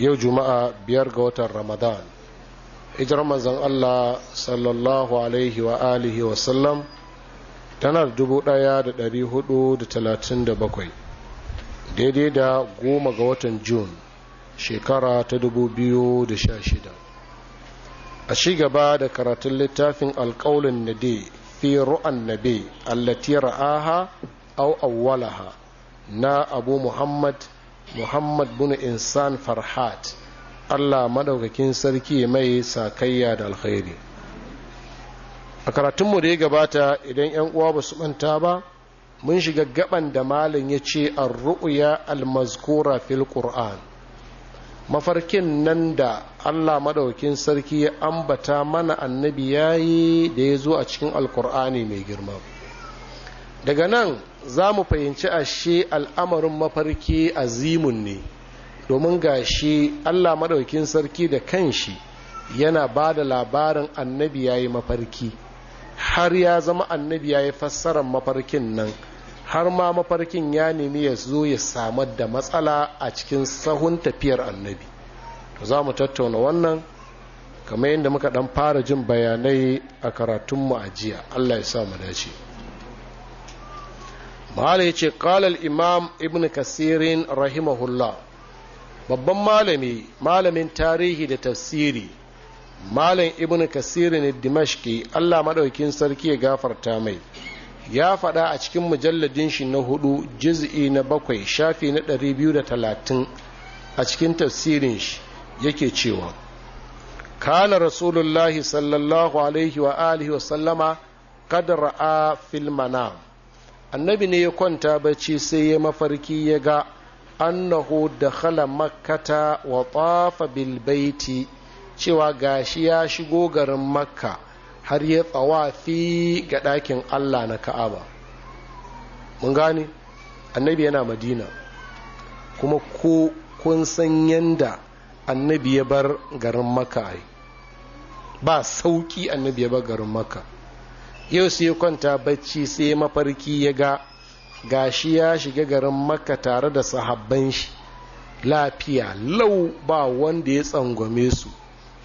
yau juma'a biyar ga watan ramadan hijirar manzon allah sallallahu alaihi wa alihi wa sallam tana da dubu daya da dari hudu da talatin da bakwai daidai da goma ga watan Jun shekara ta dubu biyu da sha shida a ci gaba da karatun littafin alkaulin nade fi ru'an nabe allati ra'aha au awwalaha na abu muhammad muhammad bin insan farhat allah madaukakin sarki mai sakayya da alkhairi a karatunmu da ya gabata idan 'yan uwa ba su manta ba mun shiga gaban da malin ya ce arru'uya almazkura fil qur'an mafarkin nan da allah madaukakin sarki ya ambata mana annabi yayi da ya zo a cikin alkur'ani mai girma daga nan za mu fahimci ashe al'amarin mafarki azimun ne domin ga shi allah maɗaukin sarki da kanshi yana ba da labarin annabi ya yi mafarki har ya zama annabi ya yi fassarar mafarkin nan har ma mafarkin ya nemi ya zo ya samar da matsala a cikin sahun tafiyar annabi za mu tattauna wannan kamar yadda muka ɗan fara jin bayanai a karatunmu a jiya allah ya sa mu dace malam ya ce kalal imam ibn kasirin rahimahullah babban malami malamin tarihi da tafsiri malam ibn kasirin dimashki allah maɗaukin sarki ya gafarta mai ya faɗa a cikin mujalladin shi na hudu juz'i na bakwai shafi na 230 a cikin tafsirin shi yake cewa kana rasulullahi sallallahu alaihi wa alihi wa sallama kad ra'a filmanam annabi ne ya kwanta bacci sai ya mafarki ya ga annahu da khala makkata wa tafa bil baiti cewa gashi ya shigo garin makka har ya tsawafi ga ɗakin allah na ka'aba mun gane annabi yana madina kuma ko kun san yanda annabi ya bar garin makka ba sauki annabi ya bar garin makka yau sai ya kwanta bacci sai mafarki ya ga gashi ya shiga garin makka tare da sahabban shi lafiya lau ba wanda ya tsangwame su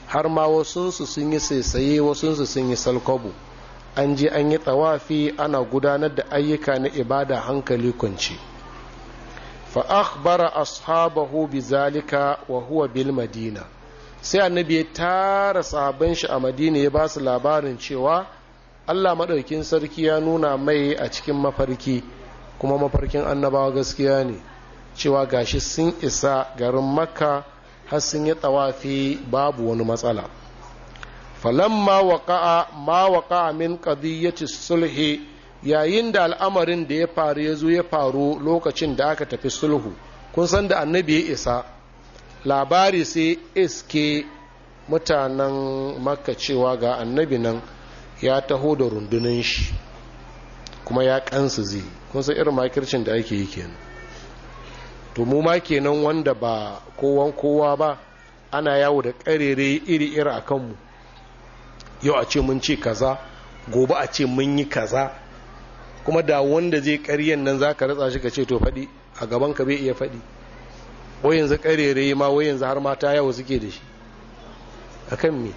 har ma su sun yi saisaye su sun yi salkobo an je an yi tsawafi ana gudanar da ayyuka na ibada hankali kunci fa akhbara ashabahu bi zalika wa huwa bil madina sai annabi ya tara sahabban shi a madina ya ba su labarin cewa Allah maɗaukin sarki ya nuna mai a cikin mafarki kuma mafarkin annabawa gaskiya ne cewa gashi sun isa garin makka har sun yi tsawafi babu wani matsala falamma waƙa'a ma waƙa'a min ci sulhi yayin da al'amarin da ya faru ya zo ya faru lokacin da aka tafi sulhu kun san da annabi ya isa labari sai iske mutanen makka cewa ga annabi nan ya taho da rundunan shi kuma ya kansu zai kun san irin makircin da ake yi kenan to mu ma kenan wanda ba kowan kowa ba ana yawo da karere iri iri a kanmu yau a ce mun ce kaza gobe a ce mun yi kaza kuma da wanda zai karyan nan za ka ratsa shi ka ce to faɗi a gaban ka bai iya faɗi wai yanzu karere ma wai yanzu har mata yawo suke da shi akan me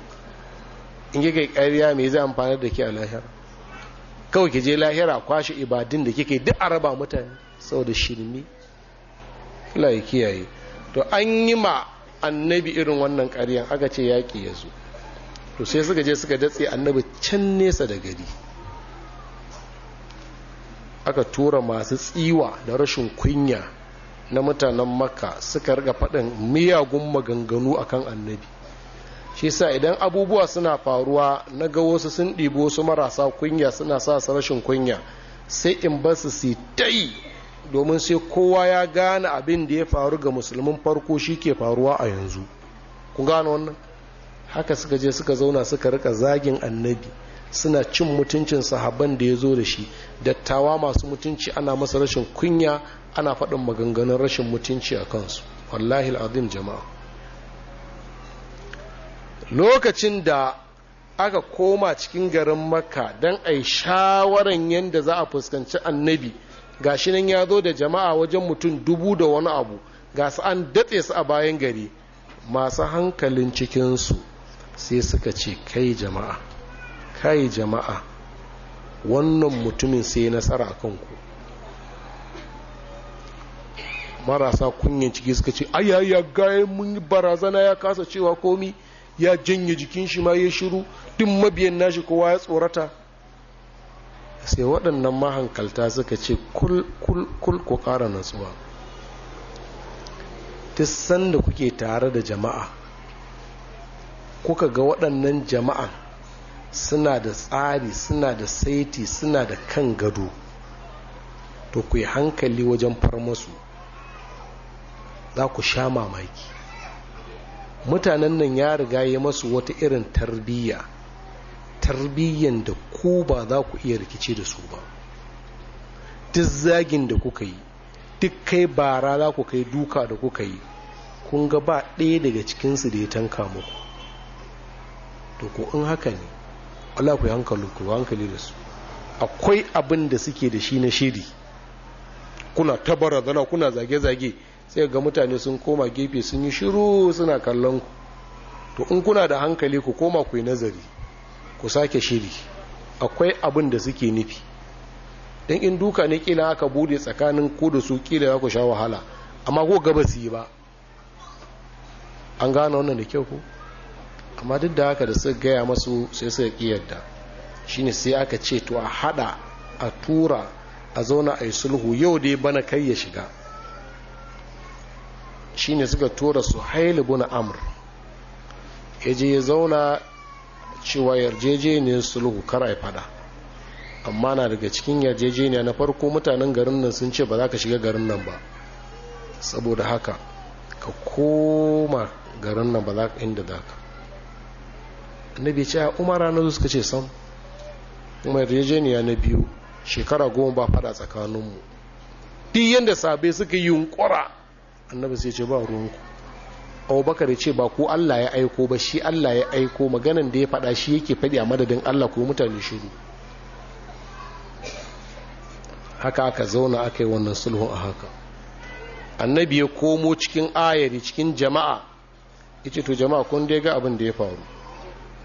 in kika ƙarya me zai amfani da ke a lahira kawai ki je lahira kwashe ibadin da yi duk a raba mutane saboda shirmi Allah ya kiyaye to an yi ma annabi irin wannan ƙaryan aka ce yaƙi ya zo to sai suka je suka datse annabi can nesa da gari aka tura masu tsiwa da rashin kunya na mutanen makka suka riga faɗin miyagun maganganu akan annabi shi sa idan abubuwa suna faruwa na ga wasu sun ɗibo wasu marasa kunya suna sa su rashin kunya sai in ba su si tai domin sai kowa ya gane abin da ya faru ga musulmin farko shi ke faruwa a yanzu ku gane wannan haka suka je suka zauna suka rika zagin annabi suna cin mutuncin sahabban da ya zo da shi dattawa masu mutunci ana masa rashin kunya ana faɗin maganganun rashin mutunci a kansu wallahi al'adun jama'a lokacin da aka koma cikin garin makka don a yi shawaran yadda za a fuskanci annabi ga shi nan ya zo da jama'a wajen mutum dubu da wani abu ga su an datse su a bayan gari masu hankalin cikinsu sai suka ce kai jama'a kai jama'a wannan mutumin sai nasara a kanku marasa kunyan ciki suka ce ayayya gayen mun barazana ya kasa cewa komi ya janye jikin shi ma ya shiru duk mabiyan nashi kowa ya tsorata sai waɗannan mahankalta suka ce kul kul kul ku ƙara natsuwa duk sanda kuke tare da jama'a kuka ga waɗannan jama'a suna da tsari suna da saiti suna da kan gado to ku yi hankali wajen farmasu za ku sha mamaki mutanen nan ya riga ya masu wata irin tarbiyya tarbiyyan da ku ba za ku iya rikici da su ba duk zagin da kuka yi duk kai bara za ku kai duka da kuka yi kun ga ba ɗaya daga cikinsu da ya tanka muku to ko in haka ne Allah ku hankali ku hankali da su akwai abin da suke da shi na shiri kuna ta barazana kuna zage-zage sai ga mutane sun koma gefe sun yi shiru suna kallon ku to in kuna da hankali ku koma ku yi nazari ku sake shiri akwai abin da suke nufi don in duka ne kila aka bude tsakanin ku da su kila za ku sha wahala amma ko gaba su yi ba an gane wannan da kyau ku amma duk da haka da suka gaya masu sai su ƙi yadda shine sai aka ce to a hada a tura a zauna a yi sulhu yau dai bana kai ya shiga Shi ne suka tura su haili amr yaje ya zauna cewa yarjejeniyar sulhu kar ai fada amma na daga cikin yarjejeniya na farko mutanen garin nan sun ce ba za ka shiga garin nan ba saboda haka ka koma garin nan ba za ka inda za ka annabi ce a umara na suka ce sam kuma yarjejeniya na biyu shekara goma ba fada tsakaninmu duk yadda sabai suka yi yunkura annabi sai ce ba ruwanku bakar ce ba ko allah ya aiko ba shi allah ya aiko maganan da ya faɗa shi yake faɗi a madadin allah ko mutane shiru haka aka zauna aka yi wannan sulhun a haka annabi ya komo cikin ayari cikin jama'a ya ce to jama'a kun dai ga abin da ya faru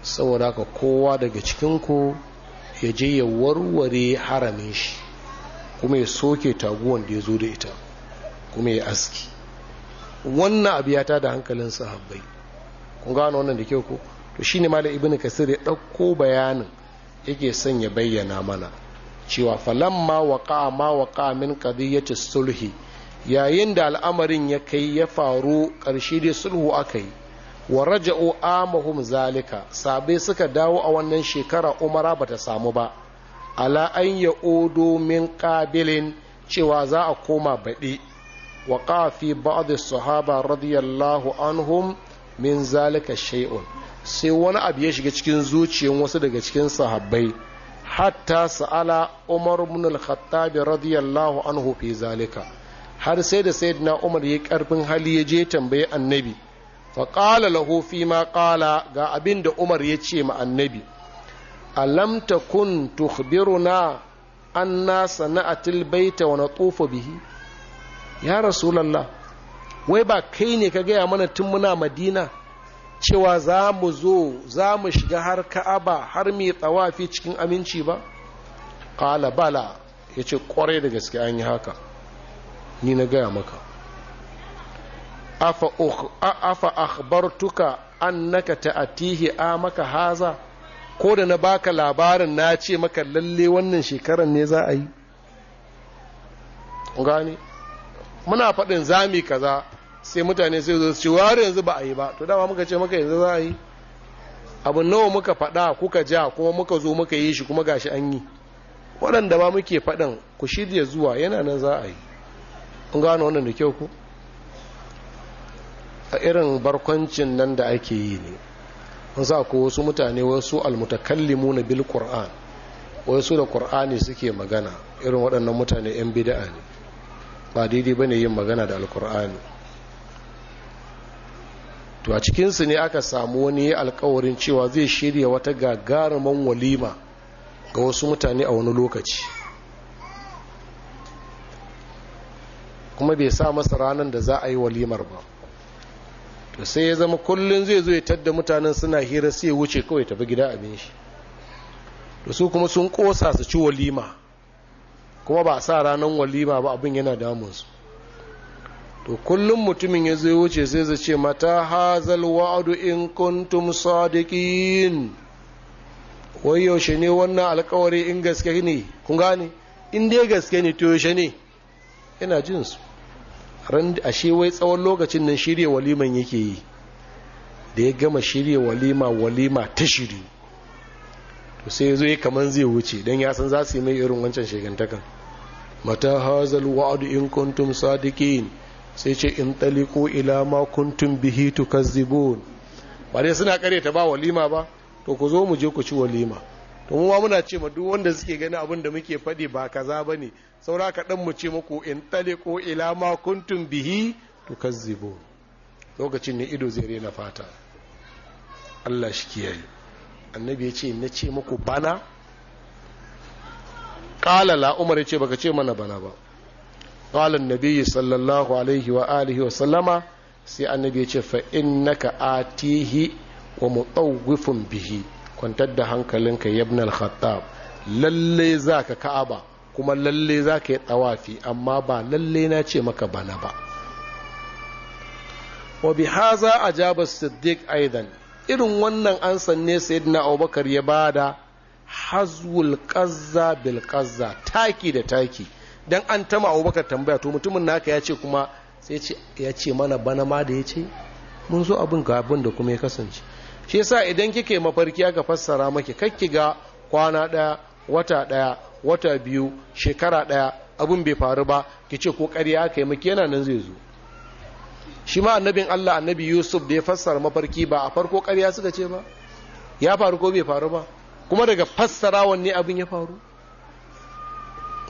saboda haka kowa daga cikinku ya je ya warware haramin shi kuma ya soke taguwan da ya zo da ita kuma ya aski wannan abu ya tada hankalin sahabbai kun gano wannan da kyau ko to shine malam ibnu kasir ya ɗauko bayanin yake son ya bayyana mana cewa falamma waqa ma waqa min qadiyyati sulhi yayin da al'amarin ya kai ya faru ƙarshe dai sulhu aka yi wa raja'u amahum zalika sabai suka dawo a wannan shekara umara bata samu ba ala an ya odo min ƙabilin cewa za a koma baɗi وقع في بعض الصحابة رضي الله عنهم من ذلك sai wani abu ya shiga cikin zuciyar wasu daga cikin sahabbai hatta sa'ala umar ibn al-khattab radiyallahu anhu fi zalika har sai da sayyidina umar ya karfin hali ya je tambaye annabi fa qala lahu fi ma qala ga abin da umar ya ce ma annabi alam takun tukhbiruna anna sana'atil baita wa natufu bihi ya rasulallah wai ba kai ne ka gaya mana tun muna madina cewa za mu zo za mu shiga har ka'aba har mai tsawafi cikin aminci ba ƙala bala ya ce ƙwarai da gaske an yi haka ni na gaya maka afa akhbartuka annaka ta'atihi a maka haza ko da na baka labarin na ce maka lalle wannan shekarar ne za a yi gani muna faɗin zami kaza sai mutane sai zo su ware yanzu ba a yi ba to dama muka ce maka yanzu za a yi abu nawa muka faɗa kuka ja kuma muka zo muka yi shi kuma gashi an yi waɗanda ba muke faɗin ku shirya zuwa yana nan za a yi kun gano wannan da kyau ku a irin barkwancin nan da ake yi ne an sa ko wasu mutane wasu almutakallimu na bil qur'an wasu da qur'ani suke magana irin waɗannan mutane yan bid'a ne ba daidai ne yin magana da alkur'ani to a cikinsu ne aka samu wani alkawarin cewa zai shirya wata gagarumin walima ga wasu mutane a wani lokaci kuma bai sa masa ranar da za a yi walimar ba to sai ya zama kullum zai zo ya tadda mutanen suna hira sai ya wuce kawai tafi gida abin shi da su kuma sun kosa su ci walima kuma ba a sa ranar walima ba abin yana damunsu to kullum mutumin ya zai wuce sai zai ce mata hazal wa'adu in kuntum sadiqin wai yaushe ne wannan alkawari in gaske ne kun gane in dai gaske ne to yaushe ne ina jin su ran ashe wai tsawon lokacin nan shirye waliman yake yi da ya gama shirye walima walima ta shirye sai ya zo ya kaman zai wuce don ya san za su yi mai irin wancan shigantakan mata hazal wa'adu in kuntum sadiqin sai ce in taliko ila ma kuntum bihi tukazzibun ba dai suna kare ta ba walima ba to ku zo mu je ku ci walima to mu ma muna ce ma duk wanda suke gani abin da muke faɗi ba kaza bane saura ka dan mu ce muku in taliko ila ma kuntum bihi tukazzibun lokacin ne ido zai rena fata Allah shi kiyaye annabi ya ce na ce muku bana ƙalala umar ya ce baka ce mana bana ba ƙalan nabi sallallahu alaihi wa alihi wa sallama sai annabi ya ce fa innaka atihi wa mutawwifun bihi kwantar da hankalinka yabna al-khattab lalle za ka ka'aba kuma lalle zaka yi tawafi amma ba lalle na ce maka bana ba wa bihaza ajaba siddiq aidan irin wannan ansan ne sayyidina abubakar ya ba da hazwul kazza bil kazza taki da taki dan an tama abubakar tambaya to mutumin naka ya ce kuma sai ya ce mana bana ma da ya ce mun zo abin ga abin da kuma ya kasance shi yasa idan kike mafarki aka fassara maki kakki ga kwana daya wata daya wata biyu shekara daya abin bai faru ba ki ce ko ƙarya aka yi maki yana nan zai zo shi ma annabin Allah annabi Yusuf da ya fassara mafarki ba a farko ƙarya suka ce ba ya faru ko bai faru ba kuma daga fassara wanne abin ya faru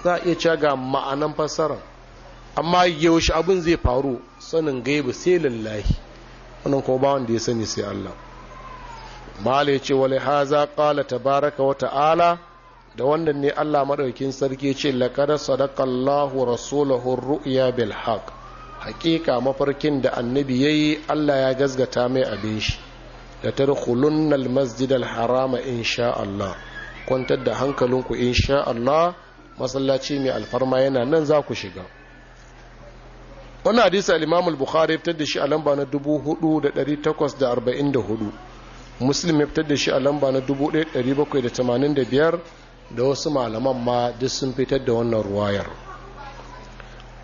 za a iya caga ga ma'anan fassara amma yaushe abin zai faru sanin gaibu sai lallahi wannan ko ba wanda ya sani sai Allah mala ya ce wale haza kala tabaraka wa ta'ala da wannan ne Allah maɗaukin sarki ce laqad sadaqallahu rasulahu ru'ya bil haqq hakika mafarkin da annabi ya yi allah ya gazgata mai abin shi da tarhulun almasjid alharama sha allah kwantar da hankalinku sha allah masallaci mai alfarma yana nan za ku shiga wani hadisi al-imam al-bukhari fitar da shi a lamba na 4844 muslim ya fitar da shi a lamba na 1785 da wasu malaman ma duk sun fitar da wannan ruwayar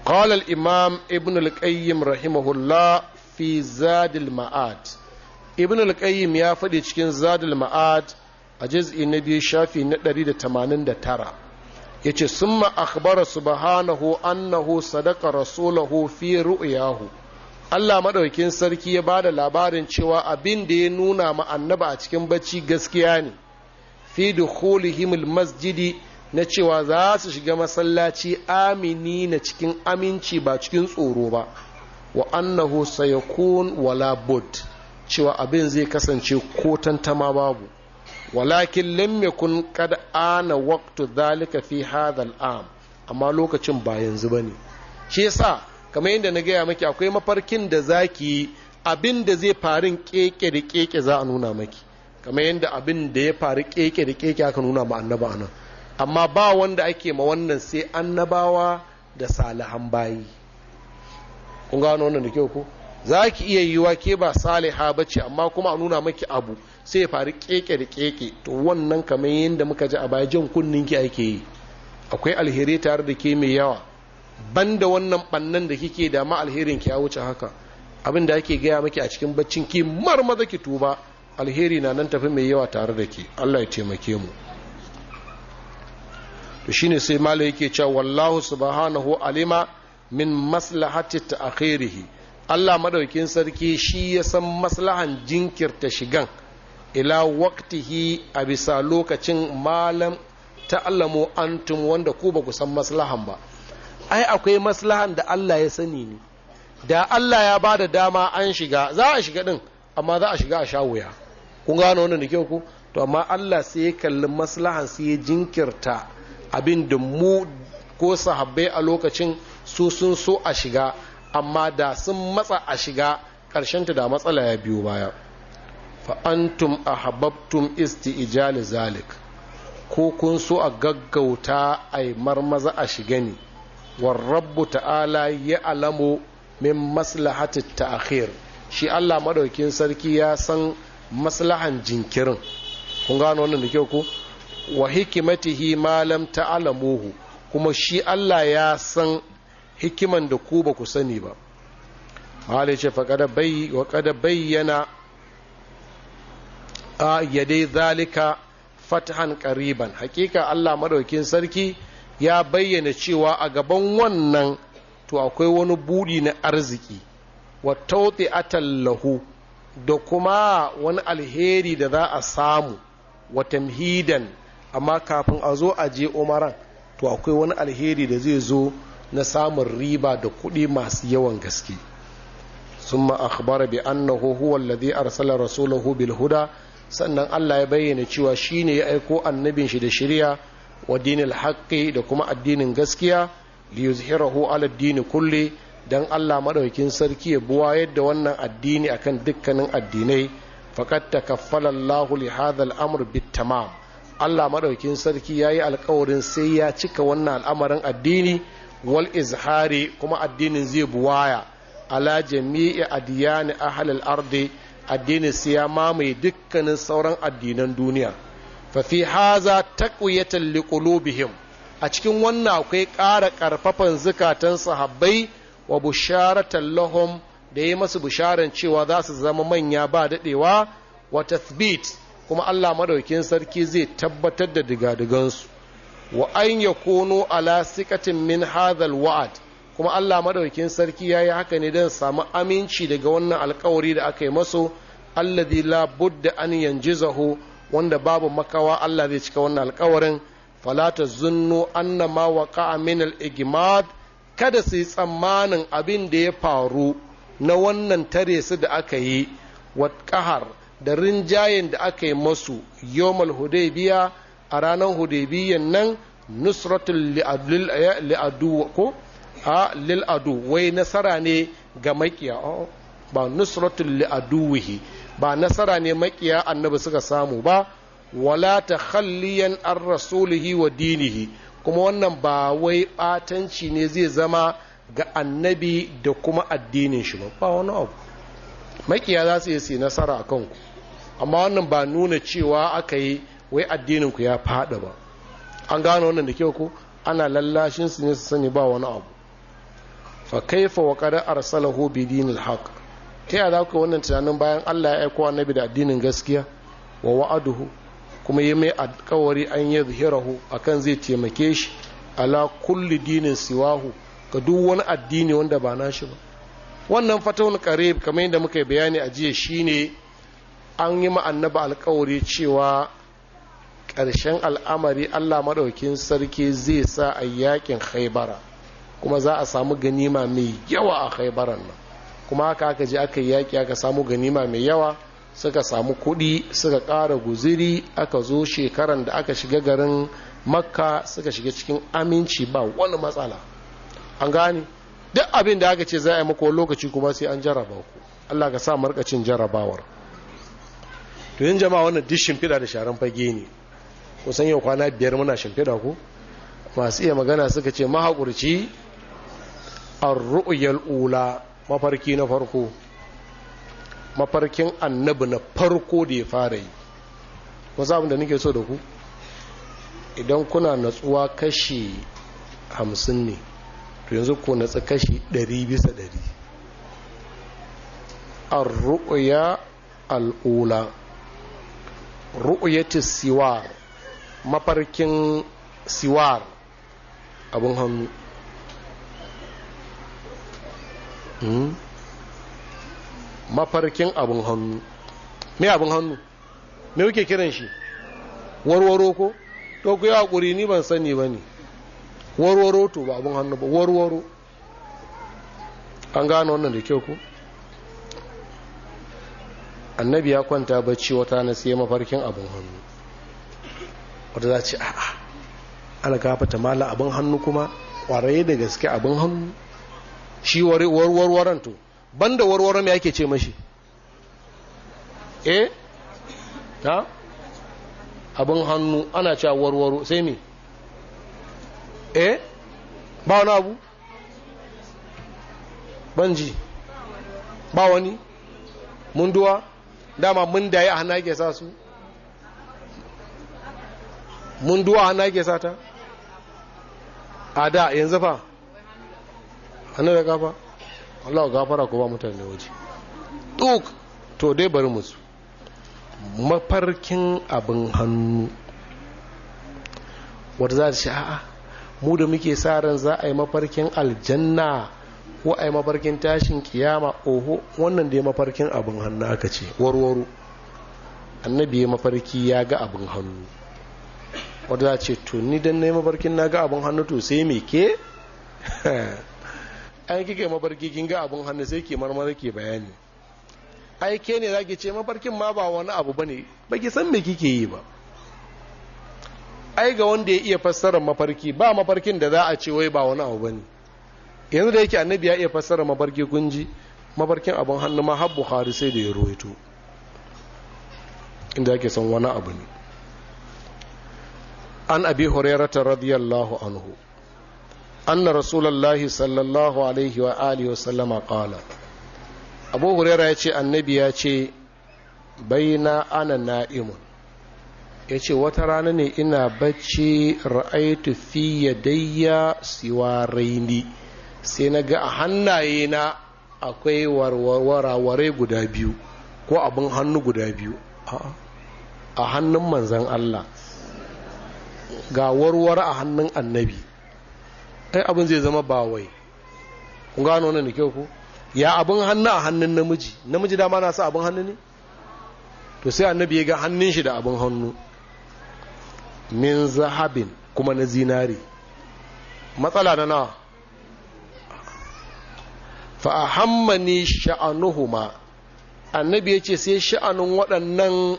قال الإمام ابن القيم رحمه الله في زاد المعاد ابن القيم يا فدي cikin زاد المعاد a juz'i na biyu shafi na 189 yace summa akhbara subhanahu annahu sadaqa rasulahu fi ru'yahu Allah madaukin sarki ya bada labarin cewa abin da ya nuna ma annaba a cikin bacci gaskiya ne fi dukhulihim masjidi na cewa za su shiga masallaci amini na cikin aminci ba cikin tsoro ba wa annahu sayakun wala bud cewa abin zai kasance ko tantama babu walakin lam yakun qad ana waqtu dhalika fi hadha am amma lokacin ba yanzu bane shi yasa kamar yadda na gaya maki akwai mafarkin da zaki abin da zai faru keke da keke za a nuna maki kamar yadda abin da ya faru keke da keke aka nuna ma annaba anan amma ba wanda ake ma wannan sai annabawa da salihan bayi kun gano wannan da kyau ko za ki iya yiwa ke ba saliha ba ce amma kuma a nuna maki abu sai ya faru keke da keke to wannan kamar yadda muka ji a baya jan kunnin ki ake yi akwai alheri tare da ke mai yawa banda wannan bannan da kike da ma alherin ki ya wuce haka abin da ake gaya maki a cikin baccin ki maza ki tuba alheri na nan tafi mai yawa tare da ke Allah ya taimake mu to shine sai malai yake cewa wallahu subhanahu alima min maslahati ta'khirihi Allah madaukin sarki shi ya san maslahan jinkirta shigan ila waqtihi a bisa lokacin malam ta'lamu antum wanda ku ba ku san maslahan ba ai akwai maslahan da Allah ya sani ne da Allah ya bada dama an shiga za a shiga din amma za a shiga a sha wuya kun gano wannan da kyau ku to amma Allah sai ya kalli maslahan sai ya jinkirta abin da mu ko sahabbai a lokacin su sun so a shiga amma da sun matsa a shiga ƙarshenta da matsala ya biyo baya fa'antum a hababtum isti'ijali zalik ko kun so a gaggauta a yi marmaza a shiga ne warrabu ta'ala ya alamu min ta ta'akhir shi Allah maɗaukin sarki ya san maslahan jinkirin kun gano wannan da kyau ko wa hikimatihi malam ta'alamuhu kuma shi Allah ya san hikiman da ku ba ku sani ba hali ce wa faƙada bayyana a yade zalika fathan ƙariban hakika Allah maɗaukin sarki ya bayyana cewa a gaban wannan to akwai wani buɗi na arziki wa tawti atallahu da kuma wani alheri da za a samu wa tamhidan amma kafin a zo a je umaran to akwai wani alheri da zai zo na samun riba da kuɗi masu yawan gaske ثم أخبر بأنه هو arsala rasulahu رسوله huda sannan Allah ya bayyana cewa shi ne ya aiko annabin shi da shirya wa dinil haqqi da kuma addinin gaskiya li yuzhirahu ala dini kulli dan Allah maɗaukin sarki ya buwa yadda wannan addini akan dukkanin addinai faqad takaffala Allahu li hadha al-amr bit tamam Allah maɗaukin sarki ya yi alkawarin sai ya cika wannan al'amarin addini wal izhari kuma addinin zai buwaya ala jami'i adiyani ahlal ardi addinin sai ya mamaye dukkanin sauran addinan duniya fa fi haza taqwiyatan liqulubihim a cikin wannan akwai ƙara ƙarfafan zukatan sahabbai wa busharatan lahum da yi masu bisharan cewa za su zama manya ba daɗewa wa tathbit kuma Allah maɗaukin sarki zai tabbatar da digadigansu wa an kono ala sikatin min hadhal wa'ad kuma Allah maɗaukin sarki ya yi haka ne don samu aminci daga wannan alkawari da aka yi masu alladhi la budda an yanjizahu wanda babu makawa Allah zai cika wannan alkawarin fala zunnu anna ma waqa'a min al-igmad kada su yi tsammanin abin da ya faru na wannan tare su da aka yi wa kahar da rinjayen da aka yi masu yomal hudaybiya a ranar hudaybiyan nan nusratul li'adu eh, ko a lil'adu wai nasara ne ga makiya ba nusratul li'aduwihi ba nasara ne makiya annabi suka samu ba wala ta khalliyan an rasulihi wa dinihi kuma wannan ba wai batanci ne zai zama ga annabi da kuma addinin shi ba ba wani abu makiya za su yi nasara a kanku amma wannan ba nuna cewa aka yi wai addinin ku ya fada ba an gano wannan da kyau ko ana lallashin su ne su sani ba wani abu fa kaifa wa qad arsalahu bi dinil haqq ta yaya za ku wannan tunanin bayan Allah ya aiko annabi da addinin gaskiya wa wa'aduhu kuma yi mai alkawari an yi zuhirahu akan zai taimake shi ala kulli dinin siwahu ga duk wani addini wanda ba nashi ba wannan fatawun kare kamar yadda muka yi bayani a jiya shine an yi ma'annaba alkawari cewa ƙarshen al'amari allah maɗaukin sarki zai sa a yakin haibara kuma za a samu ganima mai yawa a haibaran nan kuma haka aka je aka yaƙi aka samu ganima mai yawa suka samu kuɗi suka ƙara guziri aka zo shekaran da aka shiga garin makka suka shiga cikin aminci ba wani matsala an gane duk abin da aka ce za a yi mako lokaci kuma sai an jarraba allah ka sa markacin jarrabawar to yin jama'a wannan duk shimfiɗa da sharan fage ne kusan yau kwana biyar muna shimfiɗa ko masu iya magana suka ce mahaƙurci ru'uyar ula mafarki na farko mafarkin annabi na farko da ya fara yi wasu abin da nake so da ku idan kuna natsuwa kashi hamsin ne to yanzu ku natsu kashi ɗari bisa ɗari arru'ya al'ula ru'yatis siwar mafarkin siwar abun hannu hmm? mafarkin abun hannu me abun hannu me kuke kiran shi warwaro ko to ku yi hakuri ni ban sani ba ne warwaro to ba abun hannu ba warwaro an gane wannan da kyau ko annabi ya kwanta bacci wata na sai mafarkin abin hannu wata za ce a'a ana gafata mala abin hannu kuma kwarai da gaske abin hannu shi warwarwaran to banda warwaran ya ke ce mashi eh ta abin hannu ana cewa warwaro sai me eh ba wani abu banji ba wani munduwa dama mun da yi a hannu ake sa su mun duwa hannu ake sa ta a da yanzu fa hannu da gafa allawa gafara ko ba mutane waje duk to dai bari musu mafarkin abin hannu wadda za ta a'a mu da muke sa ran za a yi mafarkin aljanna ko a yi mafarkin tashin kiyama oho wannan da ya mafarkin abin hannu aka ce warwaro annabi ya mafarki ya ga abin hannu wadda za ce to ni don na yi mafarkin na ga abin hannu to sai me ke an yi mafarki kin ga abin hannu sai ke marmara ke bayani ai ke ne za ki ce mafarkin ma ba wani abu ba ne ba ki san me kike yi ba ai ga wanda ya iya fassarar mafarki ba mafarkin da za a ce wai ba wani abu ba ne yanzu da yake annabi ya iya fassara mabarki gunji mabarkin abin hannu ma har buhari sai da ya ruwaito inda yake son wani abu ne an abi hurairata radiyallahu anhu أن رسول wa صلى الله عليه وآله ya ce annabi ya ce bai na Ana Na'imu ya ce wata rana ne ina bacci ra'aitu fi yadayya raini. sai na ga a hannaye na akwai warware guda biyu ko abin hannu guda biyu a hannun manzan Allah ga warware a hannun annabi ai abin zai zama bawai kun gano wannan da kyau ko ya abin hannu a hannun namiji namiji dama na sa abin hannu ne to sai annabi ya ga hannun shi da abin hannu min zahabin kuma na zinari matsala na nawa fa hammani sha'anuhuma annabi ya ce sai sha'anun waɗannan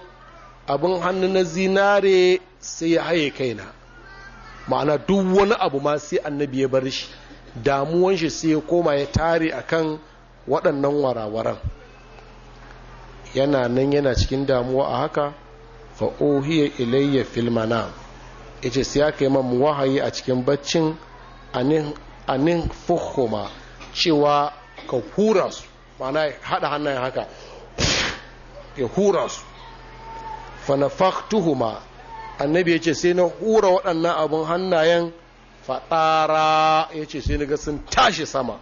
abin hannu na zinare sai ya haye kaina ma'ana duk wani abu ma sai annabi ya bar shi damuwan shi sai ya koma ya tare a kan waɗannan warawaran yana nan yana cikin damuwa a haka fa ilayya filmana ce sai ya kai man wahayi a cikin baccin anin fuhuma cewa ka hura su ma'ana haɗa hannayen haka ya hura su fanafaktuhuma annabi ya ce sai na hura waɗannan abin hannayen faɗara ya ce sai na ga sun tashi sama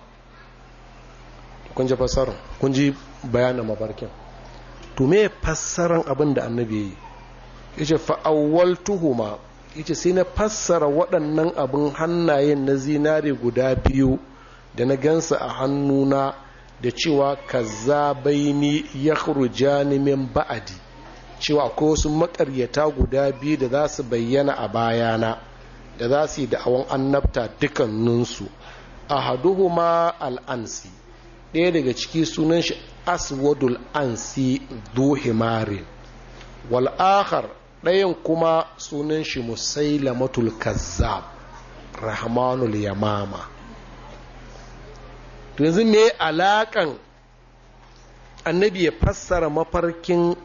kun ji fassarar kun ji bayanin mafarkin to me fassarar abin da annabi ya yi ya ce fa'awaltuhuma ya ce sai na fassara waɗannan abin hannayen na zinare guda biyu da na gansa a hannuna da cewa kazzabaini ni min ba'adi cewa akwai wasu makaryata guda biyu da za su bayyana a bayana da za su yi da'awan annabta dukanninsu ahaduhuma al'ansi ɗaya daga ciki sunan shi aswadul ansi duhimarin wal'akhar ɗayan kuma sunan shi musailamatul kazzab rahmanul yamama to yanzu me alaƙan annabi ya fassara mafarkin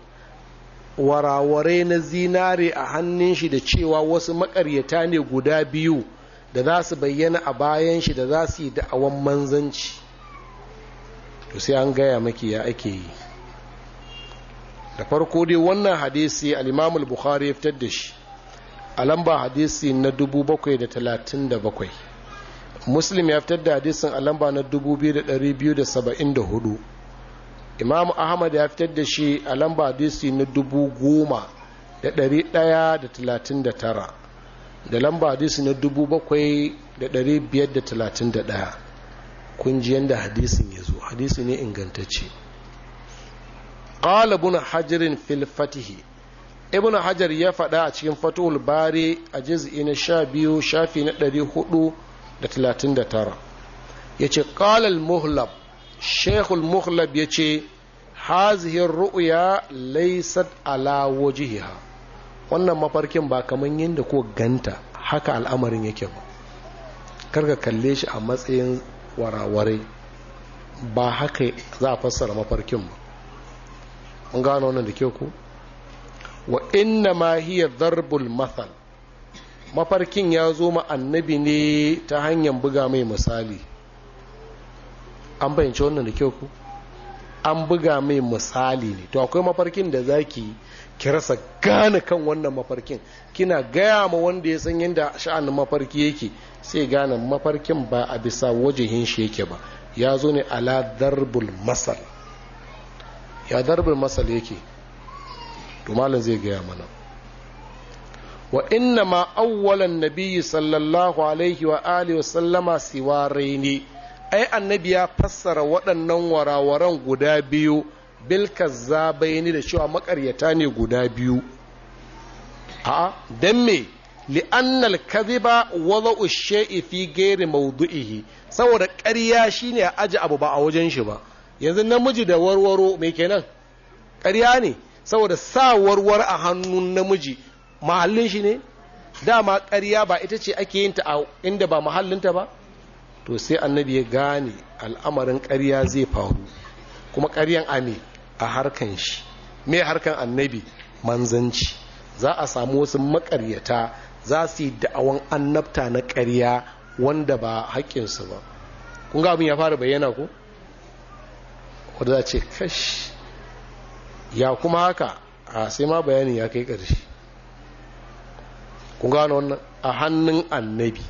warawarai na zinare a hannun shi da cewa wasu makaryata ne guda biyu da za su bayyana a bayan shi da za su yi da'awan manzanci to sai an gaya maki ya ake yi da farko dai wannan hadisi al'imamu al-bukhari ya fitar da shi a lamba hadisi na 737 muslim ya fitar da hadisin a lamba na 2274 imamu ahmad ya fitar da shi a lamba hadisi na 10139 da lamba hadisi na 7531 kun ji yadda hadisin ya zo hadisi ne ingantacce ƙalibin hajjirin filfatihi ibn hajar ya faɗa a cikin fatuhul bari a jiz'i na biyu shafi na hudu. da talatin da tara ya ce ƙalal muhlab shekul muhlab ya ce hazihin ru'uya laisat ala wajihiha wannan mafarkin ba kamar yadda ko ganta haka al'amarin yake ba karka kalle shi a matsayin warawarai ba haka za a fassara mafarkin ba mun gano wannan da ke ku wa inna ma hiya darbul mathal mafarkin ya zo annabi ne ta hanyar buga mai misali an bayanci wannan da kyau ku an buga mai misali ne to akwai mafarkin da zaki ki rasa gane kan wannan mafarkin kina gaya ma wanda ya san yadda sha'anin mafarki yake sai gane mafarkin ba a bisa wajihin shi yake ba ya zo ne ala darbul masal ya darbul masal yake to malam zai gaya mana wa inna ma awwalan nabiyyi sallallahu alaihi wa alihi sallama siwarai ai annabi ya fassara waɗannan warawaran guda biyu bil kazzabaini da cewa makaryata ne guda biyu a'a dan me li'anna al-kadhiba wada'u shay'i fi ghairi mawdu'ihi saboda ƙarya shine a aji abu ba a wajen shi ba yanzu namiji da warwaro me kenan ƙarya ne saboda sa warwar a hannun namiji mahallin shi ne dama ƙarya ba ita ce ake yin ta a inda ba ta ba to sai annabi ya gane al'amarin ƙarya zai faru kuma ƙaryan ame a harkan shi me harkan annabi manzanci za a samu wasu maƙaryata za su yi da'awan annabta na ƙarya wanda ba haƙƙinsu ba kun ga abin ya fara bayyana ko wadda ce kashi ya kuma haka a sai ma bayanin ya kai ƙarshe Ku gano wannan a hannun annabi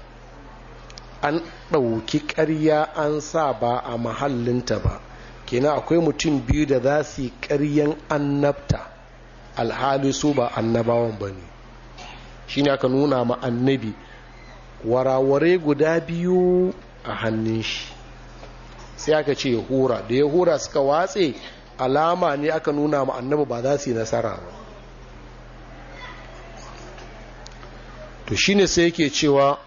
an ɗauki ƙarya an sa ba a mahallinta ba kenan akwai mutum biyu da za su yi ƙaryan annabta alhali su ba annabawan ba ne shi ne aka nuna ma annabi waraware guda biyu a hannun shi sai aka ce ya hura da ya hura suka watse alama ne aka nuna ma annabi ba za su yi nasara ba to shine sai yake cewa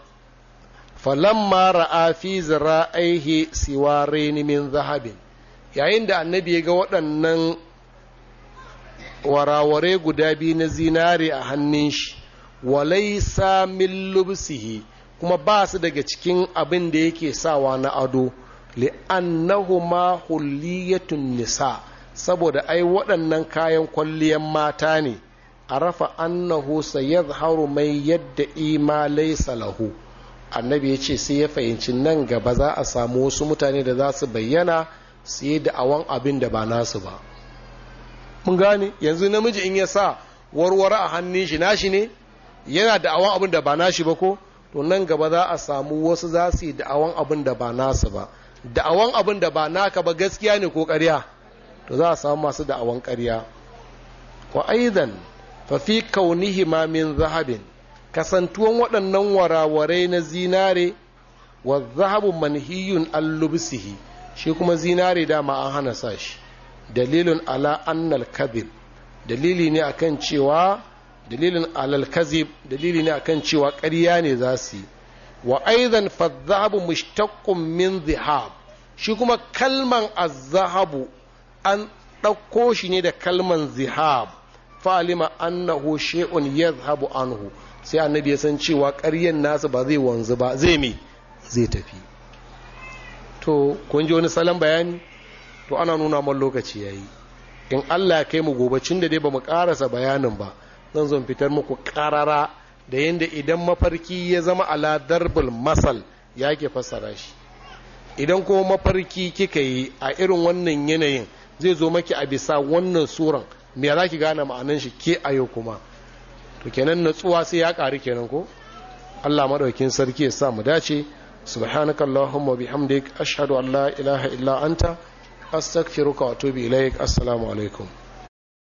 falamma ra'a fi zira'aihi ni min zahabin yayin da annabi ya ga waɗannan warawarai guda biyu na zinari a hannun shi walai samin lubsihi kuma ba su daga cikin abin da yake sawa na ado li'annahuma hulliyatun nisa saboda ai waɗannan kayan kwalliyan mata ne arafa annahu sayadhharu mai yadda ima laysa lahu annabi ya ce sai ya fahimci nan gaba za a samu wasu mutane da za su bayyana su yi da'awan abin da ba nasu ba mun gane yanzu namiji in ya sa warware a hannun shi nashi ne yana da'awan abin da ba nashi ba ko to nan gaba za a samu wasu za su yi da'awan abin da ba nasu ba da'awan abin da ba naka ba gaskiya ne ko karya to za a samu masu da'awan karya wa aidan fa fi kaunihima min zahabin kasantuwan waɗannan warawarai na zinare wa zahabu manhiyun allubsihi shi kuma zinare dama an hana sa shi dalilin ala annal kadhib dalili ne akan cewa dalilin alal dalili ne cewa ƙarya ne za su yi wa aizan fa zahabu mushtaqqun min zihab shi kuma kalman azzahabu an ɗauko shi ne da kalman zihab falima annahu shay'un yadhhabu anhu sai annabi ya san cewa ƙaryen nasu ba zai wanzu ba zai me zai tafi to kun ji wani salon bayani to ana nuna man lokaci yayi in Allah ya kai mu gobe cin da dai bamu karasa bayanin ba zan zo fitar muku karara da yanda idan mafarki ya zama ala darbul masal ya ke fassara shi idan kuma mafarki kika yi a irin wannan yanayin zai zo maki a bisa wannan suran me za ki gane ma'anan shi ke a yau kuma to kenan natsuwa sai ya ƙari kenan ko Allah madaukin sarki ya sa mu dace subhanaka allahumma bihamdik ashhadu an la ilaha illa anta astaghfiruka wa atubu ilaik assalamu alaikum